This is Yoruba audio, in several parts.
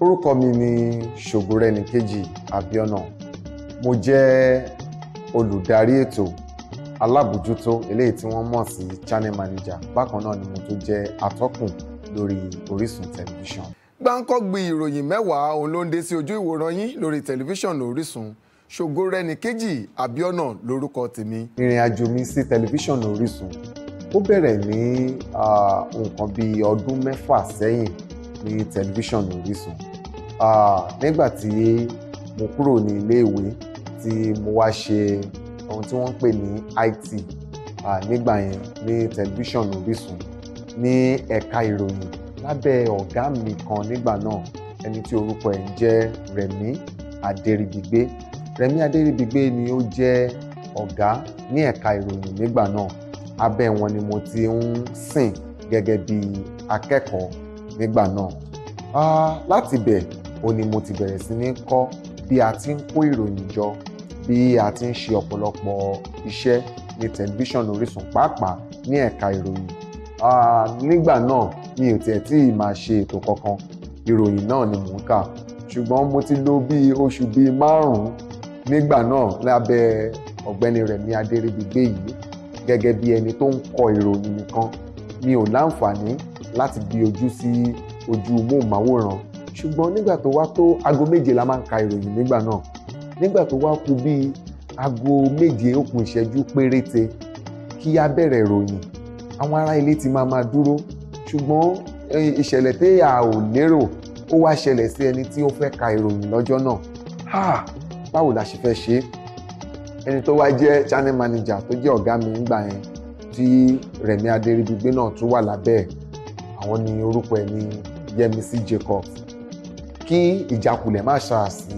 orúkọ mi ni ṣògùrẹ́nìkejì àbíọ́nà mo jẹ́ olùdarí ètò alábòjútó eléyìí tí wọ́n mọ̀ sí channel manager bákan náà ni mo tó jẹ́ atọ́kùn lórí Orísun tẹlifíṣàn. gbáǹkọ́gbì ìròyìn mẹ́wàá òun ló ń dé sí ojú ìwòran yín lórí tẹlifíṣàn Orísun ṣògùrẹ́nìkejì àbíọ́nà lórúkọ tèmi. ìrìn àjò mi sí tẹlifíṣàn Orísun ó bẹ̀rẹ̀ ní nǹkan bíi ọdún mẹ́fà sẹ́yìn ní tẹlifíṣàn Orísun nígbà tí mo kúrò ní iléèwé tí mo wá ṣe ohun tí wọ́n ń pè ní IT nígbà yẹn ní tẹlifíṣàn Orísun ní ẹ̀ka ìròyìn lábẹ́ ọ̀gá mi kan nígbà náà ẹni tí orúkọ ẹ̀ ń jẹ́ Rẹ̀mí Adéríbigbé Rẹ̀mí Adéríbigbé ni ó jẹ́ ọ̀gá ní ẹ̀ka ìròyìn nígbà náà abẹ́ wọn ni mo ti ń sìn gẹ́gẹ́ bí akẹ́kọ̀ọ́ nígbà náà láti bẹ̀ ó ní mo ti bẹ̀rẹ̀ sí ní kọ́ bí a ti ń kó ìròyìn jọ bí a ti ń ṣe ọ̀pọ̀lọpọ̀ iṣẹ́ ní tẹlifíṣàn Orísun pàápàá ní ẹ̀ka ìròyìn nígbà náà mi ò tiẹ̀ tí ì máa ṣe ètò kankan ìròyìn náà ni mò ń kà ṣùgbọ́n mo ti lò bíi oṣù bíi márùn-ún nígbà náà lábẹ́ ọ̀gbẹ́ni Rẹ̀mí Adéríbigbé yìí gẹ́gẹ́ bí ẹni tó ń kọ ìròyìn nìkan mi ò láǹfààní láti di ojú sí ojú móhùnmáwòrán ṣùgbọ́n nígbà tó wá tó aago méje la máa ń ka ìròyìn nígbà náà nígbà tó wá kù bíi aago méje ó kún ìṣẹ́jú péréte kí a bẹ̀rẹ̀ ìròyìn àwọn ará ilé ti máa máa dúró ṣùgbọ́n ìṣẹ̀lẹ̀ tí a ò lérò ó wá ṣẹlẹ̀ sí ẹni tí ó fẹ́ ka ìròyìn lọ́jọ́ náà ha báwo la ṣe fẹ́ ṣe é ẹni tó wá jẹ́ channel manager tó jẹ́ ọ̀gá mi nígbà yẹn tí Rẹ̀mí Adéríbigbé náà tún wà lábẹ́ àwọn ni orúkọ ẹ̀ ní Yẹmisí Jacobs kí ìjákulẹ̀ má ṣáà sí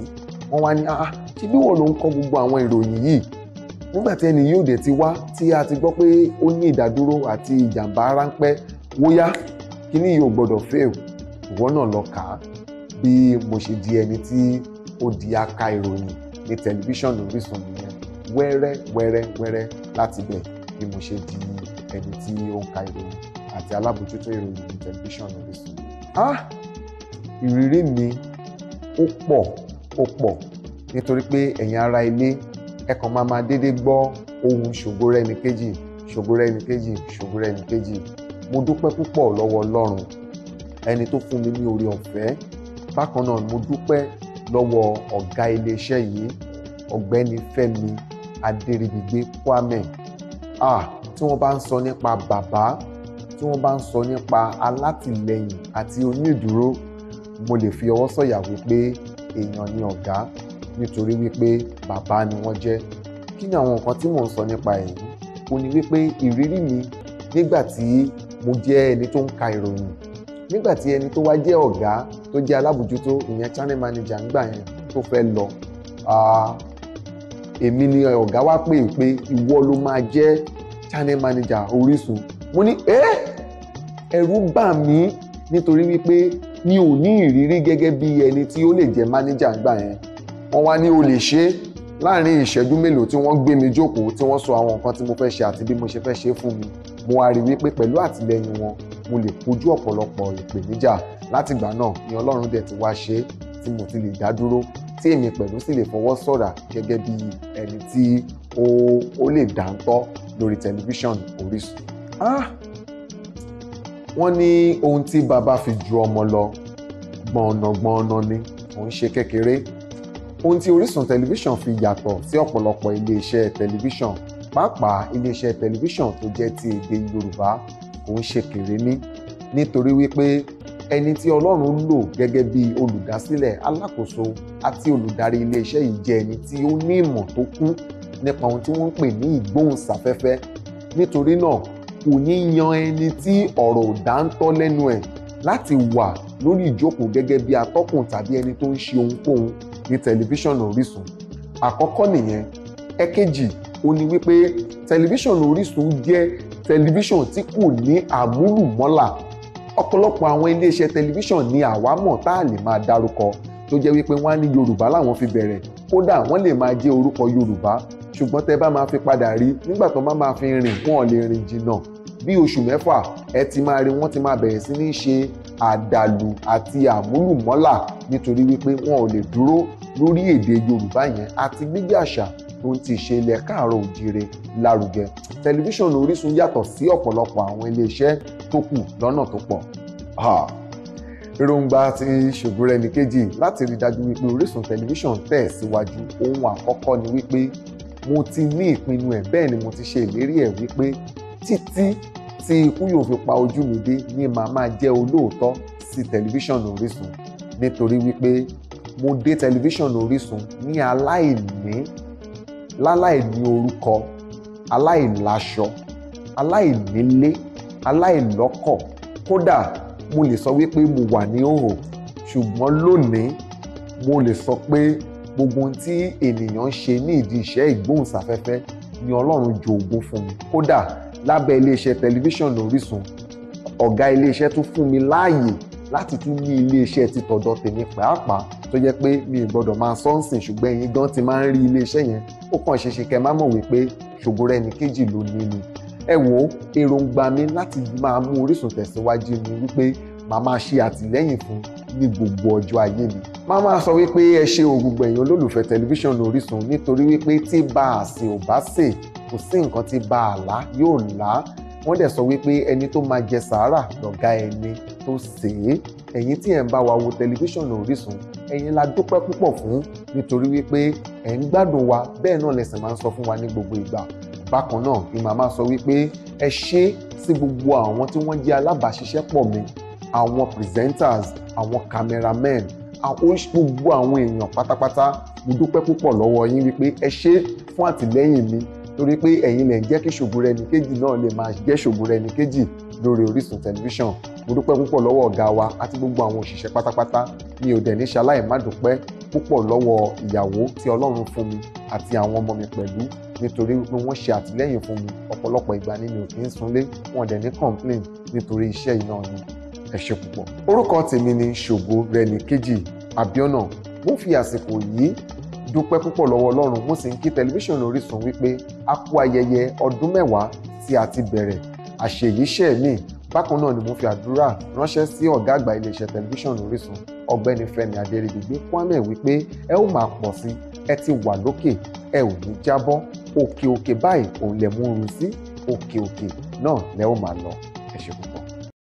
wọ́n wá ní ah, ah ṣe bí wọ́n ló ń kọ́ gbogbo àwọn ìròyìn yìí nígbà tí ẹni yóò dé ti wá tí a ti gbọ́ pé ó ní ìdádúró àti ìjàmbá ráńpẹ́ wóyá kíní yìí ò gbọ́dọ̀ fẹ́ o ìwọ náà lọ kà á bí mo ṣe di ẹni tí ó di aka ìròyìn ní tẹlifíṣàn Orísun nìyẹn wẹ́rẹ́ wẹ́rẹ́ wẹ́rẹ́ láti bẹ̀ bí mo ṣe di ẹni tí ó ń ka ìròyìn àti alábòjútó ìròyìn ní tẹlifíṣàn Orísun. ah ìrírí mi ó pọ̀ ó pọ̀ nítorí pé ẹ̀yin ará ilé ẹ kàn máa máa dédé gbọ́ ohun Ṣògorẹ́nikejì Ṣògorẹ́nikejì Ṣògorẹ́nikejì mo dúpẹ́ púpọ̀ lọ́wọ́ Ọlọ́run ẹni tó fún mi ní oore ọ̀fẹ́ bákan náà mo dúpẹ́ lọ́wọ́ ọ̀gá iléeṣẹ́ yìí ọ̀gbẹ́ni Fẹ́mi Adéríbigbé Kwame ah tí wọ́n bá ń sọ nípa bàbá tí wọ́n bá ń sọ nípa alátìlẹyìn àti onídùúró mo lè fi ọwọ́ sọ̀yà wípé èèyàn ni ọ̀gá nítorí wípé bàbá ni wọ́n jẹ́ kí ni àwọn nǹkan tí mò ń sọ nípa èyí ó ní wípé ìrírí mi nígbà tí mo jẹ́ ẹni tó ń ka ìròyìn nígbà tí ẹni tó wá jẹ́ ọ̀gá tó jẹ́ alábòjútó ìyẹn channel manager ńgbà yẹn tó fẹ́ lọ èmi ni ọ̀gá wá pè é pé ìwọ ló máa jẹ́ channel manager Orísun mo ní ẹ́ ẹ̀rù bà mí nítorí wípé Ni o ni ìrírí gẹ́gẹ́ bí ẹni tí ó lè jẹ́ mánéjà gbà yẹn wọ́n wá ní o lè ṣe é láàrin ìṣẹ́jú mélòó tí wọ́n gbé mi jókòó tí wọ́n sọ àwọn nǹkan tí mo fẹ́ ṣe àti bí mo ṣe fẹ́ ṣe fún mi mo wá rí wípé pẹ̀lú àtìlẹyìn wọn mo lè kojú ọ̀pọ̀lọpọ̀ ìpèníjà látìgbà náà ni ọlọ́run dẹ̀ ti wá ṣe é tí mo ti lè dá dúró tí èmi pẹ̀lú sì lè fọwọ́ sọ̀rà gẹ́gẹ́ bí ẹni tí ó lè dáńtọ́ lórí tẹlifíṣàn Orísun. ah wọ́n ní ohun tí bàbá fi ju ọmọ lọ gbọ̀nàgbọ̀nà ni òun ṣe kékeré ohun tí Orísun tẹlifíṣàn fi yàtọ̀ sí ọ̀pọ̀lọpọ̀ iléeṣẹ́ tẹlifíṣàn pàápàá iléeṣẹ́ tẹlifíṣàn tó jẹ́ ti èdè Yorùbá òun ṣe kéré ní nítorí wípé ẹni tí Ọlọ́run lò gẹ́gẹ́ bí olùdásílẹ̀ alákòóso àti olùdarí iléeṣẹ́ yìí jẹ́ ẹni tí ó ní ìmọ̀ tó kún nípa ohun tí wọ́n ń pè ní ìgbóhùnsáfẹ́fẹ́ nítorí náà kò ní yan ẹni tí ọ̀rọ̀ ò dáńtọ́ lẹ́nu ẹ̀ láti wà lórí ìjókòó gẹ́gẹ́ bí atọ́kùn tàbí ẹni tó ń ṣe ohunkóhun ní tẹlifíṣàn Orísun àkọ́kọ́ nìyẹn ẹ̀kejì ó ní wípé tẹlifíṣàn Orísun jẹ́ tẹlifíṣàn tí kò ní àmúlùmọ́là ọ̀pọ̀lọpọ̀ àwọn iléeṣẹ́ tẹlifíṣàn ni àwa mọ̀ tá a lè máa dárúkọ tó jẹ́ wípé wọ́n á ní Yorùbá làwọn fi bẹ̀rẹ̀ kódà wọ́n lè máa jẹ́ orúkọ Yorùbá ṣùgbọ́n tẹ́ bá máa fi padà rí nígbà tó bá máa fi rìn wọn ò lè rìn jìnnà bí oṣù mẹ́fà ẹ ti máa rí wọ́n ti máa bẹ̀rẹ̀ sí ní ṣe àdàlù àti àmúlùmọ́là nítorí wípé wọn ò lè dúró lórí èdè Yorùbá yẹn àti gbígbé àṣà tó ń ti ṣe ilẹ̀ káàárọ̀ òjire lárugẹ tẹlifíṣàn Orísun yàtọ̀ sí ọ̀pọ̀lọpọ̀ àwọn iléeṣẹ́ tó kù lọ́nà tó pọ̀ èròǹgbà ti Ṣògorẹ̀níkejì láti rí dájú wípé Orísun tẹlifíṣàn tẹ̀ síwájú ohun àkọ́kọ́ ni wípé mo ti ní ìpinnu ẹ̀ bẹ́ẹ̀ ni mo ti ṣe ìlérí ẹ̀ wípé títí tí ikú yóò fi pa ojú mi dé ni màá máa jẹ́ olóòótọ́ sí tẹlifíṣàn Orísun nítorí wípé mo dé tẹlifíṣàn Orísun ní aláìní láláìní orúkọ aláìláṣọ aláìnílé aláìlọ́kọ̀ kódà mo lè sọ wípé mo wà ní òhò ṣùgbọ́n lónìí mo lè sọ pé gbogbo ohun tí ènìyàn ń ṣe ní ìdí iṣẹ́ ìgbóhùnsáfẹ́fẹ́ ni ọlọ́run jogún fún mi kódà lábẹ́ iléeṣẹ́ tẹlifíṣàn Orísun ọ̀gá iléeṣẹ́ tún fún mi láàyè láti tún ní iléeṣẹ́ ti tọ̀dọ̀ tèmi pàápàá tó jẹ́ pé mi ì gbọ́dọ̀ máa sọ́ǹsìn ṣùgbọ́n ẹ̀yin gan ti máa ń rí iléeṣẹ́ yẹn ó kàn ṣe ṣe kẹ́ má mọ̀ wípé Ṣògorẹ́ni Kejì ló nílò ẹ wo èròǹgbà mi láti máa mú Orísun tẹ̀síwájú ni wípé màá máa ṣe àtìlẹ́yìn fún ní gbogbo ọjọ́ ayé mi má máa sọ wípé ẹ ṣe ògùgbọ̀ ẹ̀yin olólùfẹ́ tẹlifíṣàn Orísun nítorí wípé tí bá a sè ò bá sè kò sí nǹkan tí bá a lá yóò lá wọ́n dẹ̀ sọ wípé ẹni tó máa jẹ sàárà lọ̀gá ẹni tó sè é ẹ̀yin tí ẹ̀ ń bá wa wo tẹlifíṣàn Orísun ẹ̀yin la dúpẹ́ púpọ̀ fún nítorí wípé ẹ̀ ń gbádùn wa bẹ́ẹ̀ náà lẹ̀sìn máa ń sọ fún wa ní gbogbo ìgbà bákan náà ni màmá sọ wípé ẹ ṣé sí gbogbo àwọn tí wọ́n jẹ́ alábàáṣiṣẹ́pọ̀ mi àwọn presenters àwọn cameramen gbogbo àwọn èèyàn pátápátá mo dúpẹ́ púpọ̀ lọ́wọ́ yín wípé ẹ ṣe fún àtìlẹ́yìn mi torí pé ẹ̀yin lè jẹ́ kí Ṣògorẹ́níkejì náà lè máa jẹ́ Ṣògorẹ́níkejì lórí Orísun tẹlifíṣàn mo dúpẹ́ púpọ̀ lọ́wọ́ ọ̀gá wa àti gbogbo àwọn òṣìṣẹ́ pátápátá mi ò dẹ̀ ní ṣaláì má dúpẹ́ púpọ̀ lọ́wọ́ ìyàwó tí Ọlọ́run fún mi àti àwọn ọmọ mi pẹ̀lú nítorí wípé wọ́n ṣe àtìlẹ́yìn fún mi ọ̀pọ̀lọpọ̀ ìgbà ni mi ò kí ń sunlé wọn dẹ̀ ní complain nítorí iṣẹ́ iná ni ẹ ṣe púpọ̀. orúkọ tèmi ni ṣògo rẹni kejì abiona mo fi àsìkò yìí dúpẹ́ púpọ̀ lọ́wọ́ ọlọ́run mo sì ń kí tẹlifíṣàn Orísun wípé a kú ayẹyẹ ọdún mẹ́wàá tí a ti bẹ̀rẹ̀ àṣeyíṣẹ́ mi bákan náà ni mo fi àdúrà ránṣẹ́ sí ọ̀gá àgbà iléeṣẹ́ tẹlifíṣàn Orísun ọ̀gbẹ́ni Fẹ́mi Adéríbigbé Kwame wípé ẹ ó máa pọ̀ sí ẹ ti wà lókè ẹ ò ní jábọ́ òkè òkè báyìí òun lè mú un sí òkè òkè náà lẹ ó máa lọ ẹ ṣe púpọ̀.